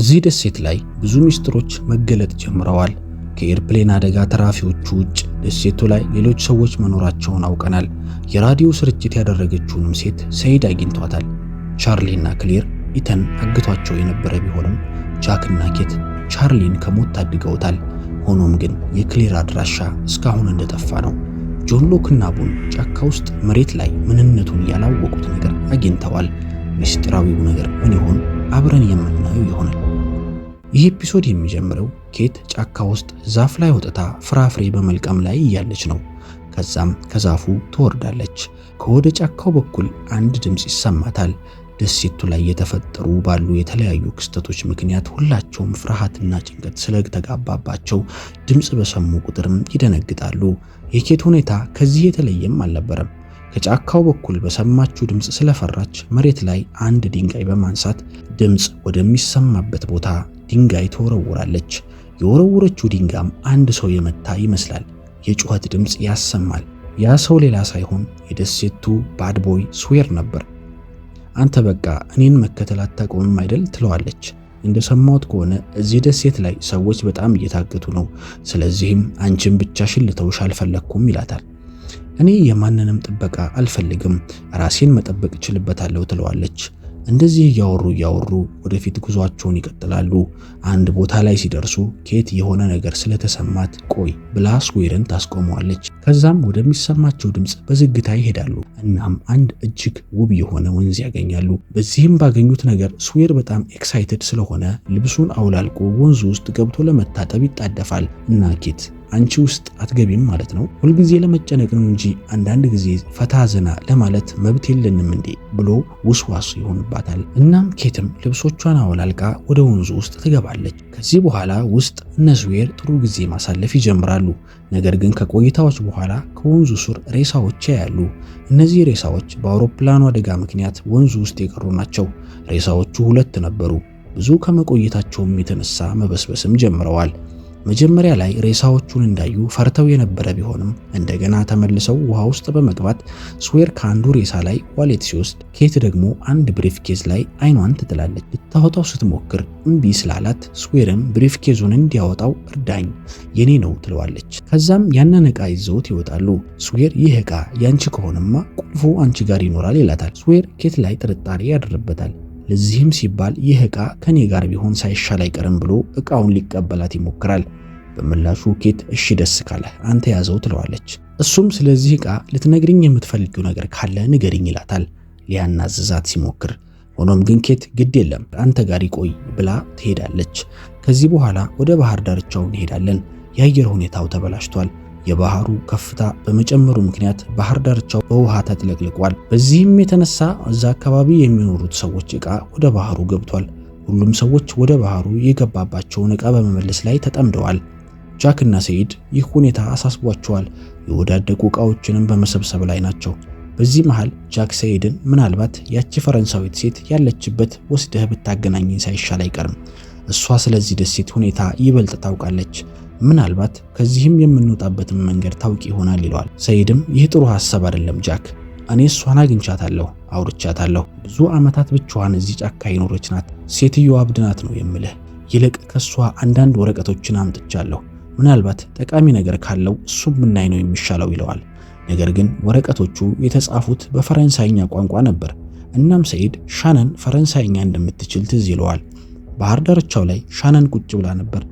እዚህ ደሴት ላይ ብዙ ሚስጥሮች መገለጥ ጀምረዋል። ከኤርፕሌን አደጋ ተራፊዎቹ ውጭ ደሴቱ ላይ ሌሎች ሰዎች መኖራቸውን አውቀናል። የራዲዮ ስርጭት ያደረገችውንም ሴት ሰይድ አግኝቷታል። ቻርሊና ክሌር ኢተን አግቷቸው የነበረ ቢሆንም ጃክና ኬት ቻርሊን ከሞት ታድገውታል። ሆኖም ግን የክሌር አድራሻ እስካሁን እንደጠፋ ነው። ጆን ሎክና ቡን ጫካ ውስጥ መሬት ላይ ምንነቱን ያላወቁት ነገር አግኝተዋል። ምስጢራዊው ነገር ምን ይሆን? አብረን የምናየው ይሆናል። ይህ ኤፒሶድ የሚጀምረው ኬት ጫካ ውስጥ ዛፍ ላይ ወጥታ ፍራፍሬ በመልቀም ላይ እያለች ነው። ከዛም ከዛፉ ትወርዳለች። ከወደ ጫካው በኩል አንድ ድምፅ ይሰማታል። ደሴቱ ላይ የተፈጠሩ ባሉ የተለያዩ ክስተቶች ምክንያት ሁላቸውም ፍርሃትና ጭንቀት ስለተጋባባቸው ድምፅ በሰሙ ቁጥርም ይደነግጣሉ። የኬት ሁኔታ ከዚህ የተለየም አልነበረም። ከጫካው በኩል በሰማችው ድምፅ ስለፈራች መሬት ላይ አንድ ድንጋይ በማንሳት ድምፅ ወደሚሰማበት ቦታ ድንጋይ ትወረውራለች። የወረወረችው ድንጋይም አንድ ሰው የመታ ይመስላል። የጩኸት ድምፅ ያሰማል። ያ ሰው ሌላ ሳይሆን የደሴቱ ባድቦይ ስዌር ነበር። አንተ በቃ እኔን መከተል አታቆምም አይደል? ትለዋለች። እንደሰማሁት ከሆነ እዚህ ደሴት ላይ ሰዎች በጣም እየታገቱ ነው። ስለዚህም አንቺን ብቻሽን ልተውሽ አልፈለግኩም ይላታል። እኔ የማንንም ጥበቃ አልፈልግም፣ ራሴን መጠበቅ እችልበታለሁ ትለዋለች። እንደዚህ እያወሩ እያወሩ ወደፊት ጉዟቸውን ይቀጥላሉ። አንድ ቦታ ላይ ሲደርሱ ኬት የሆነ ነገር ስለተሰማት ቆይ ብላ ስኩዌርን ታስቆመዋለች። ከዛም ወደሚሰማቸው ድምፅ በዝግታ ይሄዳሉ። እናም አንድ እጅግ ውብ የሆነ ወንዝ ያገኛሉ። በዚህም ባገኙት ነገር ስዌር በጣም ኤክሳይትድ ስለሆነ ልብሱን አውላልቆ ወንዙ ውስጥ ገብቶ ለመታጠብ ይጣደፋል እና ኬት አንቺ ውስጥ አትገቢም ማለት ነው። ሁልጊዜ ለመጨነቅ ነው እንጂ አንዳንድ ጊዜ ፈታ ዘና ለማለት መብት የለንም እንዴ ብሎ ውስዋስ ይሆንባታል። እናም ኬትም ልብሶቿን አወላልቃ ወደ ወንዙ ውስጥ ትገባለች። ከዚህ በኋላ ውስጥ እነስዌር ጥሩ ጊዜ ማሳለፍ ይጀምራሉ። ነገር ግን ከቆይታዎች በኋላ ከወንዙ ስር ሬሳዎች ያያሉ። እነዚህ ሬሳዎች በአውሮፕላኑ አደጋ ምክንያት ወንዙ ውስጥ የቀሩ ናቸው። ሬሳዎቹ ሁለት ነበሩ። ብዙ ከመቆየታቸውም የተነሳ መበስበስም ጀምረዋል። መጀመሪያ ላይ ሬሳዎቹን እንዳዩ ፈርተው የነበረ ቢሆንም እንደገና ተመልሰው ውሃ ውስጥ በመግባት ስዌር ከአንዱ ሬሳ ላይ ዋሌት ሲወስድ፣ ኬት ደግሞ አንድ ብሪፍ ኬዝ ላይ አይኗን ትጥላለች። ልታወጣው ስትሞክር እምቢ ስላላት ስዌርም ብሪፍ ኬዙን እንዲያወጣው እርዳኝ፣ የኔ ነው ትለዋለች። ከዛም ያንን ዕቃ ይዘውት ይወጣሉ። ስዌር ይህ ዕቃ ያንቺ ከሆነማ ቁልፉ አንቺ ጋር ይኖራል ይላታል። ስዌር ኬት ላይ ጥርጣሬ ያድርበታል። ለዚህም ሲባል ይህ ዕቃ ከኔ ጋር ቢሆን ሳይሻል አይቀርም ብሎ ዕቃውን ሊቀበላት ይሞክራል። በምላሹ ኬት እሺ ደስ ካለህ አንተ ያዘው ትለዋለች። እሱም ስለዚህ ዕቃ ልትነግርኝ የምትፈልጊው ነገር ካለ ንገሪኝ ይላታል ሊያናዝዛት ሲሞክር። ሆኖም ግን ኬት ግድ የለም አንተ ጋር ይቆይ ብላ ትሄዳለች። ከዚህ በኋላ ወደ ባህር ዳርቻው እንሄዳለን። የአየር ሁኔታው ተበላሽቷል። የባህሩ ከፍታ በመጨመሩ ምክንያት ባህር ዳርቻው በውሃ ተጥለቅልቋል። በዚህም የተነሳ እዛ አካባቢ የሚኖሩት ሰዎች ዕቃ ወደ ባህሩ ገብቷል። ሁሉም ሰዎች ወደ ባህሩ የገባባቸውን ዕቃ በመመለስ ላይ ተጠምደዋል። ጃክና ሰይድ ይህ ሁኔታ አሳስቧቸዋል። የወዳደቁ ዕቃዎችንም በመሰብሰብ ላይ ናቸው። በዚህ መሃል ጃክ ሰይድን ምናልባት ያቺ ፈረንሳዊት ሴት ያለችበት ወስደህ ብታገናኝ ሳይሻል አይቀርም። እሷ ስለዚህ ደሴት ሁኔታ ይበልጥ ታውቃለች። ምናልባት ከዚህም የምንወጣበትን መንገድ ታውቂ ይሆናል ይለዋል። ሰይድም ይህ ጥሩ ሐሳብ አይደለም ጃክ፣ እኔ እሷን አግኝቻታለሁ፣ አውርቻታለሁ። ብዙ ዓመታት ብቻዋን እዚህ ጫካ የኖረች ናት። ሴትዮዋ አብድናት ነው የምልህ። ይልቅ ከእሷ አንዳንድ ወረቀቶችን አምጥቻለሁ። ምናልባት ጠቃሚ ነገር ካለው እሱም ብናይ ነው የሚሻለው ይለዋል። ነገር ግን ወረቀቶቹ የተጻፉት በፈረንሳይኛ ቋንቋ ነበር። እናም ሰይድ ሻነን ፈረንሳይኛ እንደምትችል ትዝ ይለዋል። ባህር ዳርቻው ላይ ሻነን ቁጭ ብላ ነበር።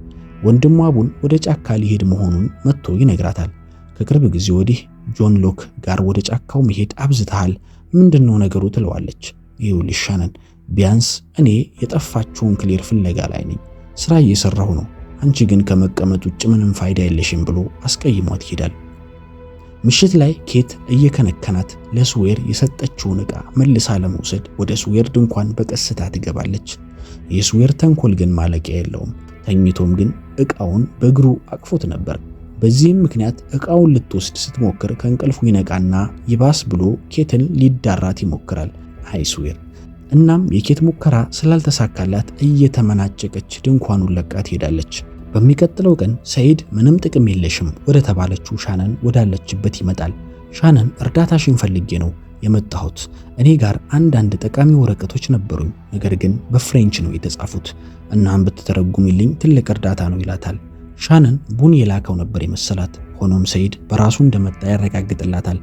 ወንድሟ አቡን ወደ ጫካ ሊሄድ መሆኑን መጥቶ ይነግራታል። ከቅርብ ጊዜ ወዲህ ጆን ሎክ ጋር ወደ ጫካው መሄድ አብዝተሃል፣ ምንድነው ነገሩ ትለዋለች። ይኸውልሽ ሻነን፣ ቢያንስ እኔ የጠፋችውን ክሌር ፍለጋ ላይ ነኝ፣ ስራ እየሰራሁ ነው፣ አንቺ ግን ከመቀመጥ ውጭ ምንም ፋይዳ የለሽም ብሎ አስቀይሟት ይሄዳል። ምሽት ላይ ኬት እየከነከናት ለስዌር የሰጠችውን ዕቃ መልሳ ለመውሰድ ወደ ስዌር ድንኳን በቀስታ ትገባለች። የስዌር ተንኮል ግን ማለቂያ የለውም። ተኝቶም ግን እቃውን በእግሩ አቅፎት ነበር። በዚህም ምክንያት እቃውን ልትወስድ ስትሞክር ከእንቅልፉ ይነቃና ይባስ ብሎ ኬትን ሊዳራት ይሞክራል አይስዌር። እናም የኬት ሙከራ ስላልተሳካላት እየተመናጨቀች ድንኳኑን ለቃ ትሄዳለች። በሚቀጥለው ቀን ሰይድ ምንም ጥቅም የለሽም ወደ ተባለችው ሻነን ወዳለችበት ይመጣል። ሻነን እርዳታሽን ፈልጌ ነው የመጣሁት። እኔ ጋር አንዳንድ ጠቃሚ ወረቀቶች ነበሩኝ፣ ነገር ግን በፍሬንች ነው የተጻፉት። እናም ብትተረጉሚልኝ ትልቅ እርዳታ ነው ይላታል። ሻንን ቡን የላከው ነበር የመሰላት። ሆኖም ሰይድ በራሱ እንደመጣ ያረጋግጥላታል።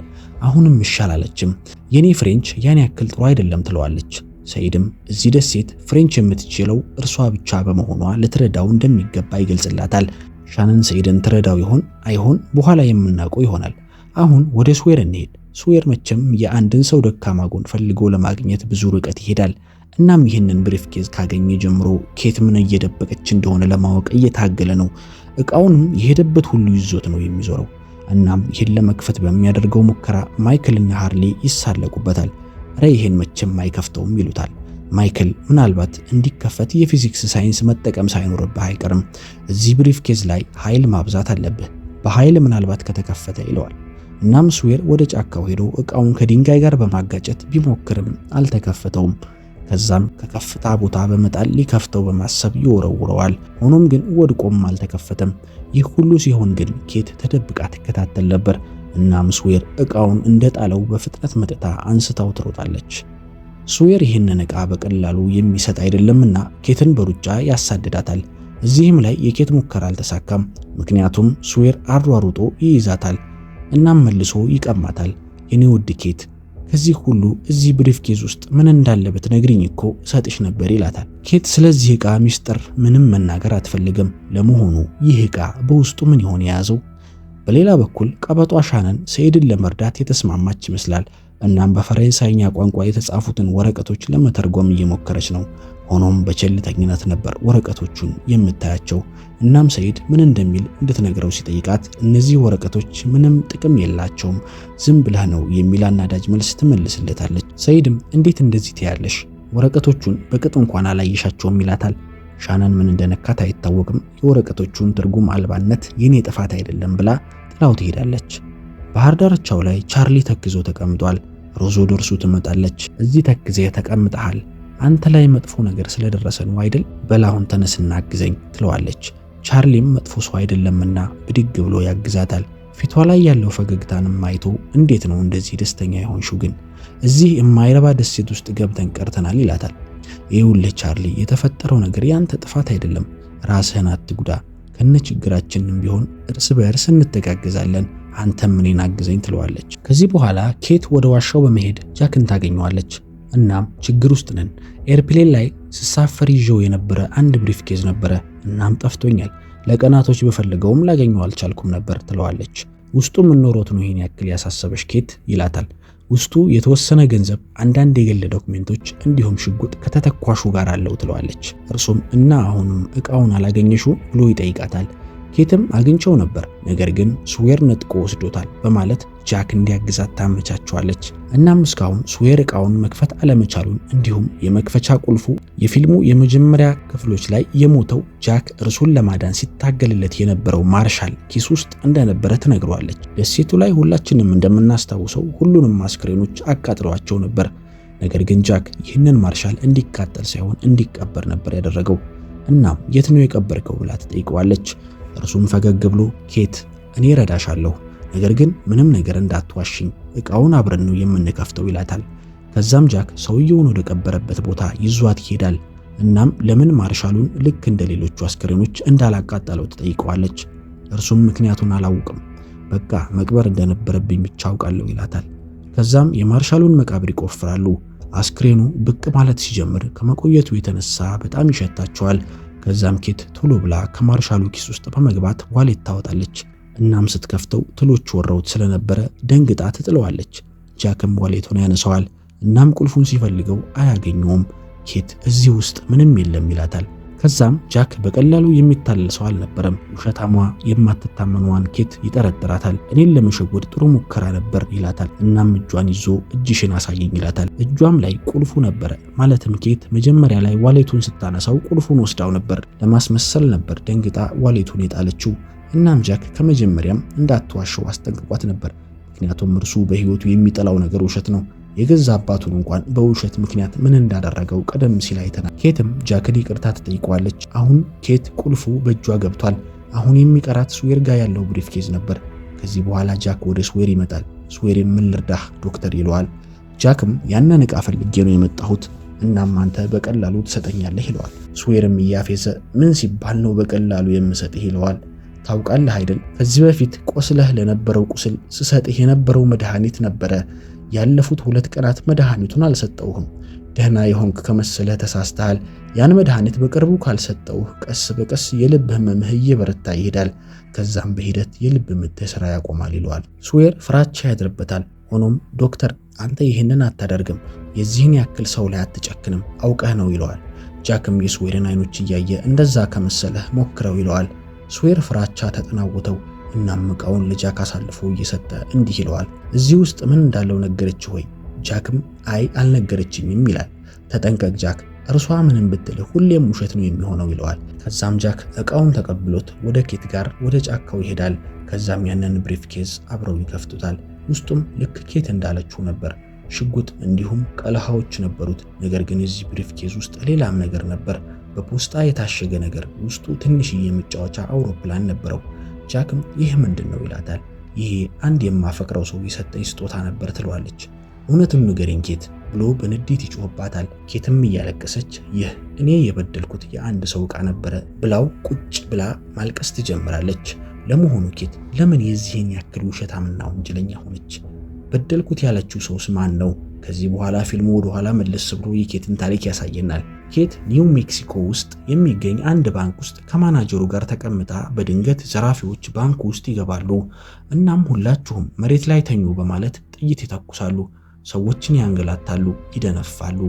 አሁንም ይሻላለችም። የኔ ፍሬንች ያን ያክል ጥሩ አይደለም ትለዋለች። ሰይድም እዚህ ደሴት ፍሬንች የምትችለው እርሷ ብቻ በመሆኗ ልትረዳው እንደሚገባ ይገልጽላታል። ሻንን ሰይድን ትረዳው ይሆን አይሆን በኋላ የምናውቀው ይሆናል። አሁን ወደ ስዌር እንሄድ። ስዌር መቼም የአንድን ሰው ደካማ ጎን ፈልጎ ለማግኘት ብዙ ርቀት ይሄዳል። እናም ይህንን ኬዝ ካገኘ ጀምሮ ኬት ምን እየደበቀች እንደሆነ ለማወቅ እየታገለ ነው። እቃውንም የሄደበት ሁሉ ይዞት ነው የሚዞረው። እናም ይህን ለመክፈት በሚያደርገው ሙከራ ማይክልና ሃርሊ ይሳለቁበታል። ረ ይህን መቼም አይከፍተውም ይሉታል። ማይክል ምናልባት እንዲከፈት የፊዚክስ ሳይንስ መጠቀም ሳይኖርብህ አይቀርም። እዚህ ብሪፍ ኬዝ ላይ ኃይል ማብዛት አለብህ። በኃይል ምናልባት ከተከፈተ ይለዋል። እናም ስዌር ወደ ጫካው ሄዶ እቃውን ከድንጋይ ጋር በማጋጨት ቢሞክርም አልተከፈተውም። ከዛም ከከፍታ ቦታ በመጣል ሊከፍተው በማሰብ ይወረውረዋል። ሆኖም ግን ወድቆም አልተከፈተም። ይህ ሁሉ ሲሆን ግን ኬት ተደብቃ ትከታተል ነበር። እናም ስዌር እቃውን እንደጣለው በፍጥነት መጥታ አንስታው ትሮጣለች። ስዌር ይህንን እቃ በቀላሉ የሚሰጥ አይደለምና ኬትን በሩጫ ያሳድዳታል። እዚህም ላይ የኬት ሙከራ አልተሳካም፣ ምክንያቱም ስዌር አሯሩጦ ይይዛታል። እናም መልሶ ይቀማታል። የኔ ውድ ኬት ከዚህ ሁሉ እዚህ ብሪፍ ኬዝ ውስጥ ምን እንዳለ ብትነግሪኝ እኮ እሰጥሽ ነበር ይላታል። ኬት ስለዚህ ዕቃ ሚስጥር ምንም መናገር አትፈልግም። ለመሆኑ ይህ ዕቃ በውስጡ ምን ይሆን የያዘው? በሌላ በኩል ቀበጧ ሻነን ሰኢድን ለመርዳት የተስማማች ይመስላል። እናም በፈረንሳይኛ ቋንቋ የተጻፉትን ወረቀቶች ለመተርጎም እየሞከረች ነው። ሆኖም በቸልተኝነት ነበር ወረቀቶቹን የምታያቸው። እናም ሰይድ ምን እንደሚል እንድትነግረው ሲጠይቃት እነዚህ ወረቀቶች ምንም ጥቅም የላቸውም፣ ዝም ብለህ ነው የሚል አናዳጅ መልስ ትመልስለታለች። ሰይድም እንዴት እንደዚህ ትያለሽ? ወረቀቶቹን በቅጥ እንኳን አላየሻቸውም ይላታል። ሻናን ምን እንደነካት አይታወቅም። የወረቀቶቹን ትርጉም አልባነት የኔ ጥፋት አይደለም ብላ ጥላው ትሄዳለች። ባህር ዳርቻው ላይ ቻርሊ ተክዞ ተቀምጧል። ሮዞ ደርሱ ትመጣለች። እዚህ ተክዜ ተቀምጠሃል አንተ ላይ መጥፎ ነገር ስለደረሰ ነው አይደል? በላሁን ተነስና አግዘኝ ትለዋለች። ቻርሊም መጥፎ ሰው አይደለምና ብድግ ብሎ ያግዛታል። ፊቷ ላይ ያለው ፈገግታንም አይቶ እንዴት ነው እንደዚህ ደስተኛ የሆንሽው ግን እዚህ የማይረባ ደሴት ውስጥ ገብተን ቀርተናል ይላታል። ይኸውልህ ቻርሊ፣ የተፈጠረው ነገር ያንተ ጥፋት አይደለም። ራስህን አትጉዳ። ከነ ችግራችንም ቢሆን እርስ በእርስ እንተጋገዛለን። አንተም እኔን አግዘኝ ትለዋለች። ከዚህ በኋላ ኬት ወደ ዋሻው በመሄድ ጃክን ታገኘዋለች። እናም ችግር ውስጥ ነን። ኤርፕሌን ላይ ስሳፈር ይዤው የነበረ አንድ ብሪፍ ኬዝ ነበረ፣ እናም ጠፍቶኛል። ለቀናቶች በፈልገውም ላገኘው አልቻልኩም ነበር ትለዋለች። ውስጡ ኖሮት ነው ይህን ያክል ያሳሰበሽ ኬት ይላታል። ውስጡ የተወሰነ ገንዘብ፣ አንዳንድ የግል ዶክሜንቶች እንዲሁም ሽጉጥ ከተተኳሹ ጋር አለው ትለዋለች። እርሱም እና አሁንም እቃውን አላገኘሹ ብሎ ይጠይቃታል። ኬትም አግኝቸው ነበር ነገር ግን ስዌር ነጥቆ ወስዶታል በማለት ጃክ እንዲያግዛት ታመቻቸዋለች። እናም እስካሁን ስዌር እቃውን መክፈት አለመቻሉን እንዲሁም የመክፈቻ ቁልፉ የፊልሙ የመጀመሪያ ክፍሎች ላይ የሞተው ጃክ እርሱን ለማዳን ሲታገልለት የነበረው ማርሻል ኪስ ውስጥ እንደነበረ ትነግረዋለች። ደሴቱ ላይ ሁላችንም እንደምናስታውሰው ሁሉንም አስክሬኖች አቃጥለዋቸው ነበር። ነገር ግን ጃክ ይህንን ማርሻል እንዲቃጠል ሳይሆን እንዲቀበር ነበር ያደረገው። እናም የት ነው የቀበርከው ብላ ትጠይቀዋለች። እርሱም ፈገግ ብሎ ኬት እኔ ረዳሻለሁ ነገር ግን ምንም ነገር እንዳትዋሽኝ እቃውን አብረን ነው የምንከፍተው ይላታል። ከዛም ጃክ ሰውየውን ወደ ቀበረበት ቦታ ይዟት ይሄዳል። እናም ለምን ማርሻሉን ልክ እንደ ሌሎቹ አስክሬኖች እንዳላቃጠለው ትጠይቀዋለች። እርሱም ምክንያቱን አላውቅም፣ በቃ መቅበር እንደነበረብኝ ብቻ አውቃለሁ ይላታል። ከዛም የማርሻሉን መቃብር ይቆፍራሉ። አስክሬኑ ብቅ ማለት ሲጀምር ከመቆየቱ የተነሳ በጣም ይሸታቸዋል። ከዛም ኬት ቶሎ ብላ ከማርሻሉ ኪስ ውስጥ በመግባት ዋሌት ታወጣለች። እናም ስትከፍተው ትሎች ወረውት ስለነበረ ደንግጣ ትጥለዋለች። ጃክም ዋሌቱን ያነሰዋል። እናም ቁልፉን ሲፈልገው አያገኘውም። ኬት እዚህ ውስጥ ምንም የለም ይላታል። ከዛም ጃክ በቀላሉ የሚታለል ሰው አልነበረም። ውሸታሟ የማትታመኗን ኬት ይጠረጥራታል። እኔን ለመሸወድ ጥሩ ሙከራ ነበር ይላታል። እናም እጇን ይዞ እጅሽን አሳየኝ ይላታል። እጇም ላይ ቁልፉ ነበረ። ማለትም ኬት መጀመሪያ ላይ ዋሌቱን ስታነሳው ቁልፉን ወስዳው ነበር። ለማስመሰል ነበር ደንግጣ ዋሌቱን የጣለችው። እናም ጃክ ከመጀመሪያም እንዳትዋሸው አስጠንቅቋት ነበር። ምክንያቱም እርሱ በሕይወቱ የሚጠላው ነገር ውሸት ነው። የገዛ አባቱን እንኳን በውሸት ምክንያት ምን እንዳደረገው ቀደም ሲል አይተናል። ኬትም ጃክን ይቅርታ ትጠይቀዋለች። አሁን ኬት ቁልፉ በእጇ ገብቷል። አሁን የሚቀራት ስዌር ጋር ያለው ኬዝ ነበር። ከዚህ በኋላ ጃክ ወደ ስዌር ይመጣል። ስዌር ምን ዶክተር ይለዋል። ጃክም ያንን ዕቃ ፈልጌ ነው የመጣሁት እናም አንተ በቀላሉ ትሰጠኛለህ ይለዋል። ስዌርም እያፌዘ ምን ሲባል ነው በቀላሉ የምሰጥህ ይለዋል። ታውቃለህ አይደል? ከዚህ በፊት ቆስለህ ለነበረው ቁስል ስሰጥህ የነበረው መድኃኒት ነበረ። ያለፉት ሁለት ቀናት መድኃኒቱን አልሰጠውህም። ደህና የሆንክ ከመሰለህ ተሳስተሃል። ያን መድኃኒት በቅርቡ ካልሰጠውህ ቀስ በቀስ የልብ ህመምህ እየበረታ ይሄዳል። ከዛም በሂደት የልብ ምትህ ስራ ያቆማል ይለዋል። ስዌር ፍራቻ ያድርበታል። ሆኖም ዶክተር አንተ ይህንን አታደርግም፣ የዚህን ያክል ሰው ላይ አትጨክንም፣ አውቀህ ነው ይለዋል። ጃክም የስዌርን አይኖች እያየ እንደዛ ከመሰለህ ሞክረው ይለዋል። ስዌር ፍራቻ ተጠናውተው እናምቃውን ለጃክ አሳልፎ እየሰጠ እንዲህ ይለዋል። እዚህ ውስጥ ምን እንዳለው ነገረች ወይ? ጃክም አይ አልነገረችኝም ይላል። ተጠንቀቅ ጃክ፣ እርሷ ምንም ብትል ሁሌም ውሸት ነው የሚሆነው ይለዋል። ከዛም ጃክ እቃውን ተቀብሎት ወደ ኬት ጋር ወደ ጫካው ይሄዳል። ከዛም ያንን ብሪፍ ኬዝ አብረው ይከፍቱታል። ውስጡም ልክ ኬት እንዳለችው ነበር። ሽጉጥ እንዲሁም ቀለሃዎች ነበሩት። ነገር ግን እዚህ ብሪፍ ኬዝ ውስጥ ሌላም ነገር ነበር። በፖስጣ የታሸገ ነገር ውስጡ ትንሽዬ መጫወቻ አውሮፕላን ነበረው። ጃክም ይህ ምንድን ነው ይላታል። ይሄ አንድ የማፈቅረው ሰው የሰጠኝ ስጦታ ነበር ትለዋለች። እውነቱን ንገረኝ ኬት ብሎ በንዴት ይጮህባታል። ኬትም እያለቀሰች ይህ እኔ የበደልኩት የአንድ ሰው ዕቃ ነበረ ብላው ቁጭ ብላ ማልቀስ ትጀምራለች። ለመሆኑ ኬት ለምን የዚህን ያክል ውሸታምና ወንጀለኛ ሆነች? በደልኩት ያለችው ሰውስ ማን ነው? ከዚህ በኋላ ፊልሙ ወደኋላ መለስ ብሎ የኬትን ታሪክ ያሳየናል። ኬት ኒው ሜክሲኮ ውስጥ የሚገኝ አንድ ባንክ ውስጥ ከማናጀሩ ጋር ተቀምጣ በድንገት ዘራፊዎች ባንክ ውስጥ ይገባሉ። እናም ሁላችሁም መሬት ላይ ተኙ በማለት ጥይት ይተኩሳሉ፣ ሰዎችን ያንገላታሉ፣ ይደነፋሉ።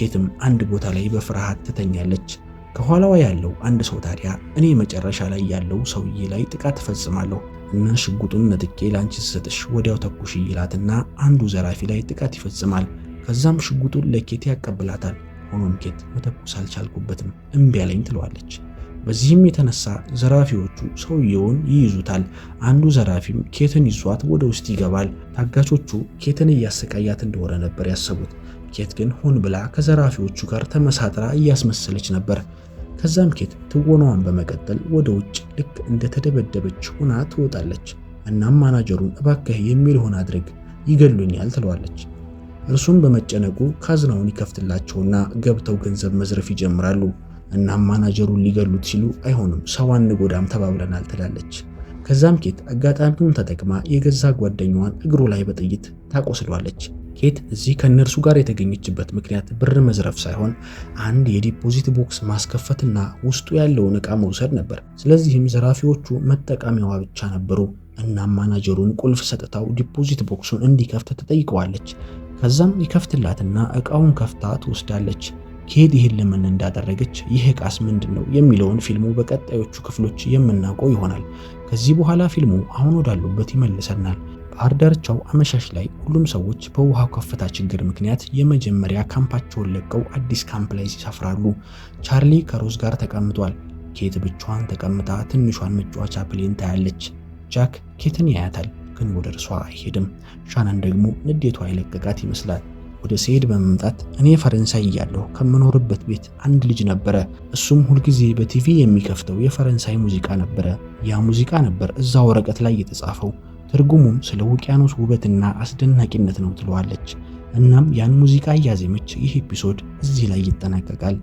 ኬትም አንድ ቦታ ላይ በፍርሃት ትተኛለች። ከኋላዋ ያለው አንድ ሰው ታዲያ እኔ መጨረሻ ላይ ያለው ሰውዬ ላይ ጥቃት እፈጽማለሁ እና ሽጉጡን ነጥቄ ላንቺ ስሰጥሽ ወዲያው ተኩሽ ይላትና አንዱ ዘራፊ ላይ ጥቃት ይፈጽማል። ከዛም ሽጉጡን ለኬት ያቀብላታል። ሆኖም ጌት መተኮስ አልቻልኩበትም እምቢ አለኝ ትለዋለች። በዚህም የተነሳ ዘራፊዎቹ ሰውየውን ይይዙታል። አንዱ ዘራፊም ኬትን ይዟት ወደ ውስጥ ይገባል። ታጋቾቹ ኬትን እያሰቃያት እንደሆነ ነበር ያሰቡት። ኬት ግን ሆን ብላ ከዘራፊዎቹ ጋር ተመሳጥራ እያስመሰለች ነበር። ከዛም ኬት ትወናዋን በመቀጠል ወደ ውጭ ልክ እንደተደበደበች ሆና ትወጣለች። እናም ማናጀሩን እባክህ የሚልሆን አድርግ ይገሉኛል ትለዋለች። እርሱም በመጨነቁ ካዝናውን ይከፍትላቸውና ገብተው ገንዘብ መዝረፍ ይጀምራሉ። እናም ማናጀሩን ሊገሉት ሲሉ አይሆንም ሰው አንጎዳም ተባብለናል ትላለች። ከዛም ኬት አጋጣሚውን ተጠቅማ የገዛ ጓደኛዋን እግሩ ላይ በጥይት ታቆስሏለች። ኬት እዚህ ከእነርሱ ጋር የተገኘችበት ምክንያት ብር መዝረፍ ሳይሆን አንድ የዲፖዚት ቦክስ ማስከፈትና ውስጡ ያለውን ዕቃ መውሰድ ነበር። ስለዚህም ዘራፊዎቹ መጠቀሚያዋ ብቻ ነበሩ። እናም ማናጀሩን ቁልፍ ሰጥታው ዲፖዚት ቦክሱን እንዲከፍት ተጠይቀዋለች። ከዛም ይከፍትላትና እቃውን ከፍታ ትወስዳለች። ኬት ይህን ለምን እንዳደረገች ይህ እቃስ ምንድን ነው የሚለውን ፊልሙ በቀጣዮቹ ክፍሎች የምናውቀው ይሆናል። ከዚህ በኋላ ፊልሙ አሁን ወዳሉበት ይመልሰናል። ባህር ዳርቻው አመሻሽ ላይ ሁሉም ሰዎች በውሃው ከፍታ ችግር ምክንያት የመጀመሪያ ካምፓቸውን ለቀው አዲስ ካምፕ ላይ ይሰፍራሉ። ቻርሊ ከሮዝ ጋር ተቀምጧል። ኬት ብቻዋን ተቀምጣ ትንሿን መጫወቻ ፕሌን ታያለች። ጃክ ኬትን ያያታል። ግን ወደ እርሷ አይሄድም። ሻናን ደግሞ ንዴቷ የለቀቃት ይመስላል። ወደ ሰኢድ በመምጣት እኔ ፈረንሳይ እያለሁ ከምኖርበት ቤት አንድ ልጅ ነበረ። እሱም ሁልጊዜ በቲቪ የሚከፍተው የፈረንሳይ ሙዚቃ ነበረ። ያ ሙዚቃ ነበር እዛ ወረቀት ላይ የተጻፈው። ትርጉሙም ስለ ውቅያኖስ ውበትና አስደናቂነት ነው ትለዋለች። እናም ያን ሙዚቃ እያዜመች ይህ ኤፒሶድ እዚህ ላይ ይጠናቀቃል።